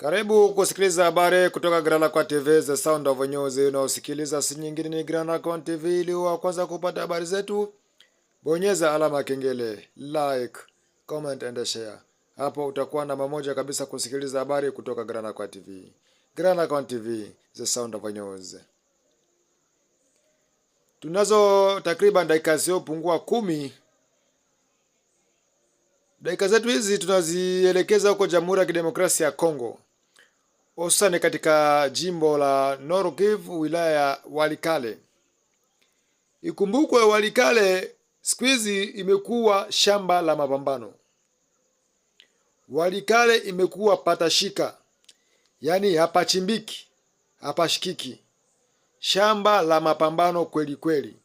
Karibu kusikiliza habari kutoka Granacom TV, the sound of news. Unaosikiliza si nyingine ni Granacom TV. Ili wa kwanza kupata habari zetu, bonyeza alama ya kengele, like, comment and share. Hapo utakuwa namba moja kabisa kusikiliza habari kutoka Granacom TV. Granacom TV, the sound of news. Tunazo takriban dakika zisizopungua kumi dakika zetu hizi tunazielekeza huko Jamhuri ya Kidemokrasia ya Kongo hususani katika jimbo la Norkiv, wilaya ya Walikale. Ikumbukwe Walikale siku hizi imekuwa shamba la mapambano. Walikale imekuwa patashika, yaani hapachimbiki, hapashikiki, shamba la mapambano kweli kweli.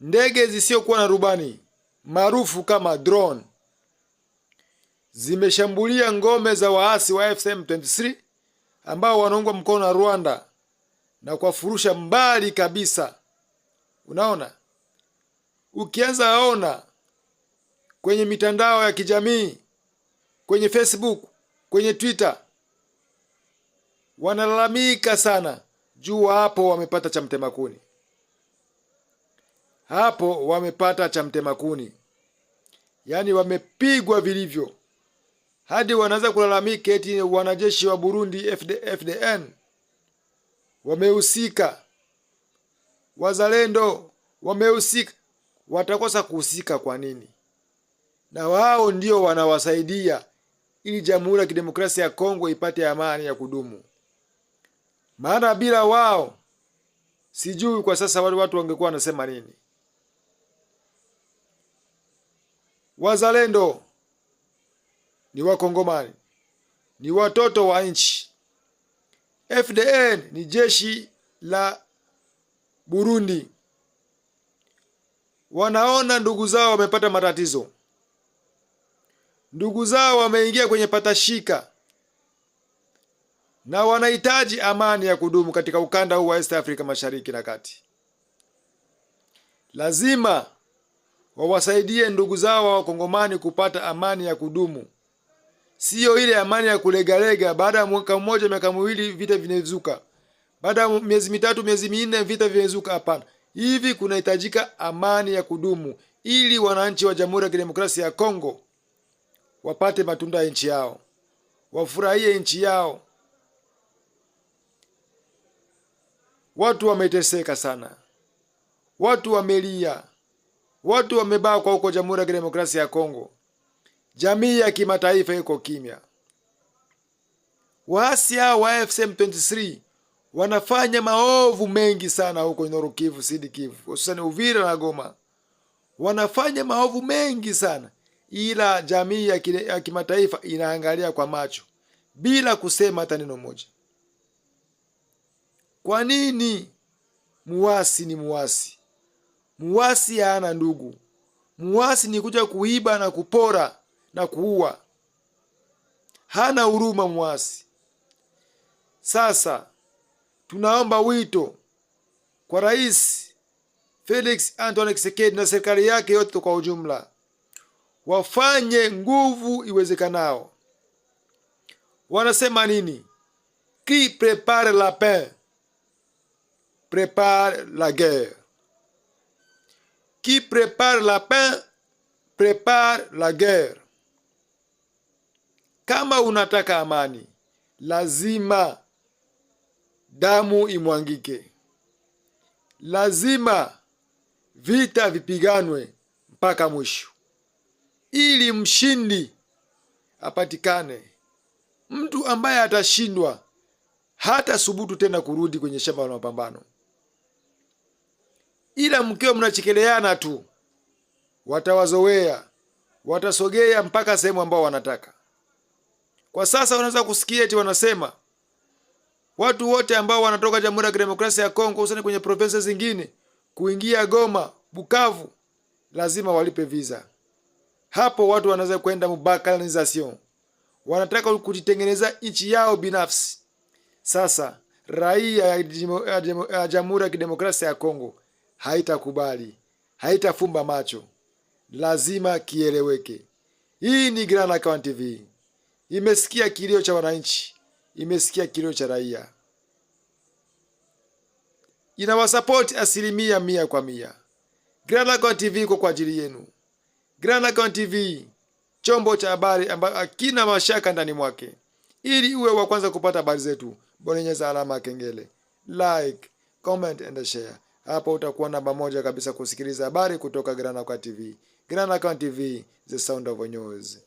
Ndege zisiyokuwa na rubani maarufu kama drone zimeshambulia ngome za waasi wa AFC 23 ambao wanaungwa mkono na Rwanda na kuwafurusha mbali kabisa. Unaona, ukianza aona kwenye mitandao ya kijamii, kwenye Facebook, kwenye Twitter, wanalalamika sana juu hapo wamepata cha mtemakuni hapo wamepata cha mtemakuni, yaani wamepigwa vilivyo hadi wanaanza kulalamika eti wanajeshi wa Burundi FD, FDN wamehusika, wazalendo wamehusika. Watakosa kuhusika kwa nini? Na wao ndio wanawasaidia ili Jamhuri ya Kidemokrasia ya Kongo ipate amani ya kudumu, maana bila wao sijui kwa sasa wale watu wangekuwa wanasema nini. Wazalendo ni Wakongomani, ni watoto wa nchi. FDN ni jeshi la Burundi. Wanaona ndugu zao wamepata matatizo, ndugu zao wameingia kwenye patashika, na wanahitaji amani ya kudumu katika ukanda huu wa East Africa mashariki na kati. Lazima wawasaidie ndugu zao wa Wakongomani kupata amani ya kudumu siyo ile amani ya kulegalega. Baada ya mwaka mmoja, miaka miwili, vita vinezuka. Baada ya miezi mitatu, miezi minne, vita vinezuka. Hapana, hivi kunahitajika amani ya kudumu ili wananchi wa Jamhuri ya Kidemokrasia ya Kongo wapate matunda ya nchi yao, wafurahie nchi yao. Watu wameteseka sana, watu wamelia, watu wamebakwa huko Jamhuri ya Kidemokrasia ya Kongo. Jamii ya kimataifa iko kimya. Waasi hao wa AFC M23 wanafanya maovu mengi sana huko norukivu Kivu, Sud Kivu, hususani Uvira na Goma. Wanafanya maovu mengi sana, ila jamii ya kimataifa inaangalia kwa macho bila kusema hata neno moja. Kwa nini? Muwasi ni muwasi, muwasi hana ndugu. Muwasi ni kuja kuiba na kupora na kuua, hana huruma mwasi. Sasa tunaomba wito kwa Rais Felix Antoine Tshisekedi na serikali yake yote kwa ujumla, wafanye nguvu iwezekanao. Wanasema nini? Qui prepare la paix prepare la guerre, qui prepare la paix prepare la guerre. Kama unataka amani, lazima damu imwangike, lazima vita vipiganwe mpaka mwisho, ili mshindi apatikane. Mtu ambaye atashindwa hata subutu tena kurudi kwenye shamba la mapambano, ila mkiwa mnachekeleana tu watawazowea, watasogea mpaka sehemu ambao wanataka. Kwa sasa unaweza kusikia eti wanasema watu wote ambao wanatoka Jamhuri ya Kidemokrasia ya Kongo hususani kwenye provinsi zingine kuingia Goma, Bukavu lazima walipe visa. Hapo watu wanaweza kwenda mubakalization, wanataka kujitengeneza nchi yao binafsi. Sasa raia ya Jamhuri ya Kidemokrasia ya Kongo haitakubali, haitafumba macho, lazima kieleweke. Hii ni Grand Lac TV imesikia kilio cha wananchi, imesikia kilio cha raia, inawasapoti asilimia mia kwa mia. Grand Lagoon TV iko kwa ajili yenu. Grand Lagoon TV, chombo cha habari ambacho hakina mashaka ndani mwake. Ili uwe wa kwanza kupata habari zetu, bonyeza alama ya kengele, like, comment and share. Hapo utakuwa namba moja kabisa kusikiliza habari kutoka Grand Lagoon TV. Grand Lagoon TV, the sound of news.